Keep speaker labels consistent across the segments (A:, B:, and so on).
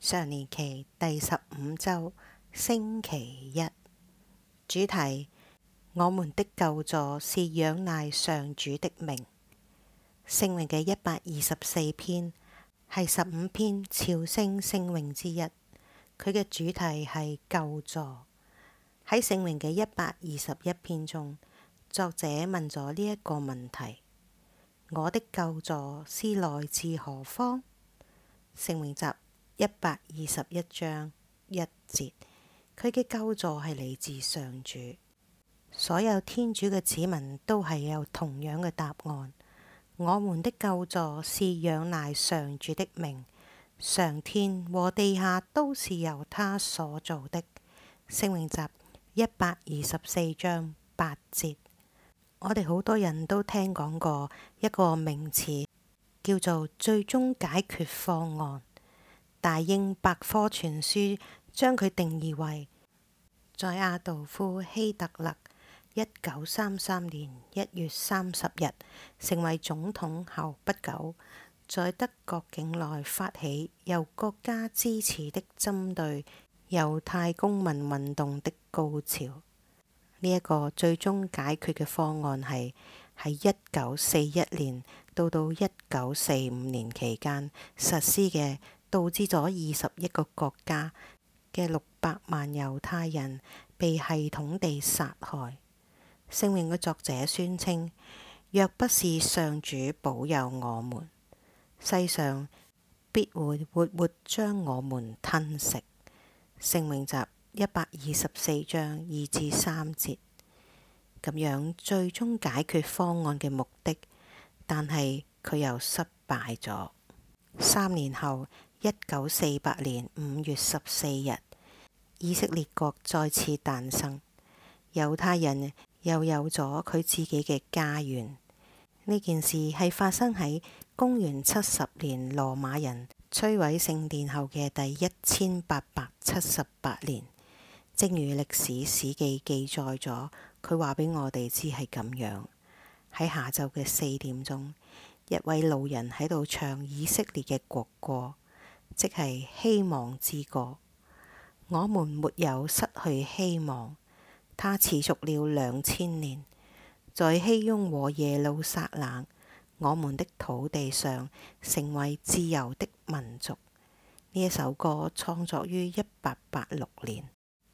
A: 常年期第十五周星期一主題：我們的救助是仰賴上主的名。聖詠嘅一百二十四篇係十五篇朝聖聖詠之一，佢嘅主題係救助。喺聖詠嘅一百二十一篇中，作者問咗呢一個問題：我的救助是來自何方？聖詠集。一百二十一章一節，佢嘅救助係嚟自上主。所有天主嘅子民都係有同樣嘅答案。我們的救助是仰賴上主的名，上天和地下都是由他所做的。聖詠集一百二十四章八節。我哋好多人都聽講過一個名詞，叫做最終解決方案。大英百科全書將佢定義為，在阿道夫希特勒一九三三年一月三十日成為總統後不久，在德國境內發起由國家支持的針對猶太公民運動的高潮。呢、這、一個最終解決嘅方案係喺一九四一年到到一九四五年期間實施嘅。導致咗二十一個國家嘅六百萬猶太人被系統地殺害。聖詠嘅作者宣稱：若不是上主保佑我們，世上必會活活活將我們吞食。聖詠集一百二十四章二至三節，咁樣最終解決方案嘅目的，但係佢又失敗咗。三年後。一九四八年五月十四日，以色列國再次誕生，猶太人又有咗佢自己嘅家園。呢件事係發生喺公元七十年羅馬人摧毀聖殿後嘅第一千八百七十八年。正如歷史史記記載咗，佢話俾我哋知係咁樣，喺下晝嘅四點鐘，一位老人喺度唱以色列嘅國歌。即係希望之歌，我們沒有失去希望，它持續了兩千年，在熙雍和耶路撒冷我們的土地上成為自由的民族。呢一首歌創作於一八八六年，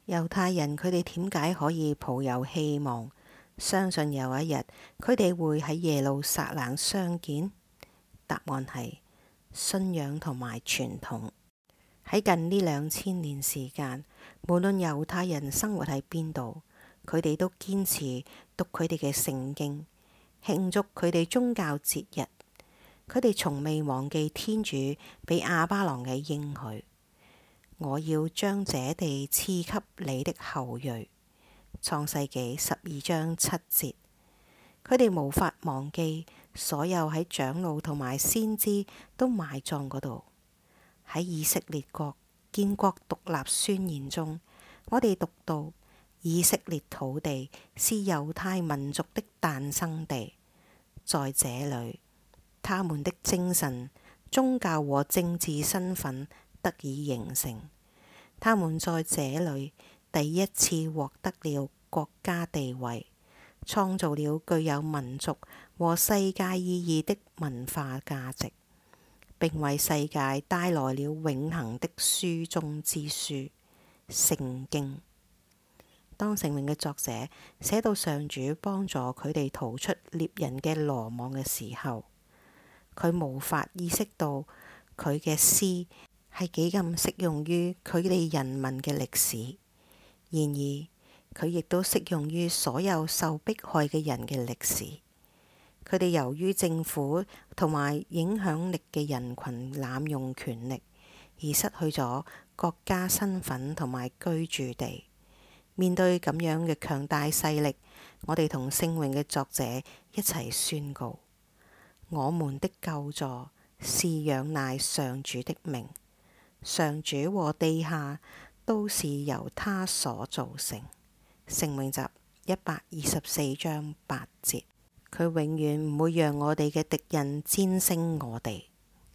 A: 猶太人佢哋點解可以抱有希望，相信有一日佢哋會喺耶路撒冷相見？答案係。信仰同埋傳統。喺近呢兩千年時間，無論猶太人生活喺邊度，佢哋都堅持讀佢哋嘅聖經，慶祝佢哋宗教節日。佢哋從未忘記天主俾亞巴郎嘅應許：我要將這地賜給你的後裔。創世紀十二章七節。佢哋無法忘記所有喺長老同埋先知都埋葬嗰度。喺以色列國建國獨立宣言中，我哋讀到：以色列土地是猶太民族的誕生地，在這裏，他們的精神、宗教和政治身份得以形成。他們在這裏第一次獲得了國家地位。創造了具有民族和世界意義的文化價值，並為世界帶來了永恆的書中之書《聖經》。當聖詠嘅作者寫到上主幫助佢哋逃出獵人嘅羅網嘅時候，佢無法意識到佢嘅詩係幾咁適用於佢哋人民嘅歷史。然而，佢亦都適用於所有受迫害嘅人嘅歷史。佢哋由於政府同埋影響力嘅人群濫用權力，而失去咗國家身份同埋居住地。面對咁樣嘅強大勢力，我哋同聖詠嘅作者一齊宣告：我們的救助是仰賴上主的名，上主和地下都是由祂所造成。聖詠集一百二十四章八節，佢永遠唔會讓我哋嘅敵人戰勝我哋。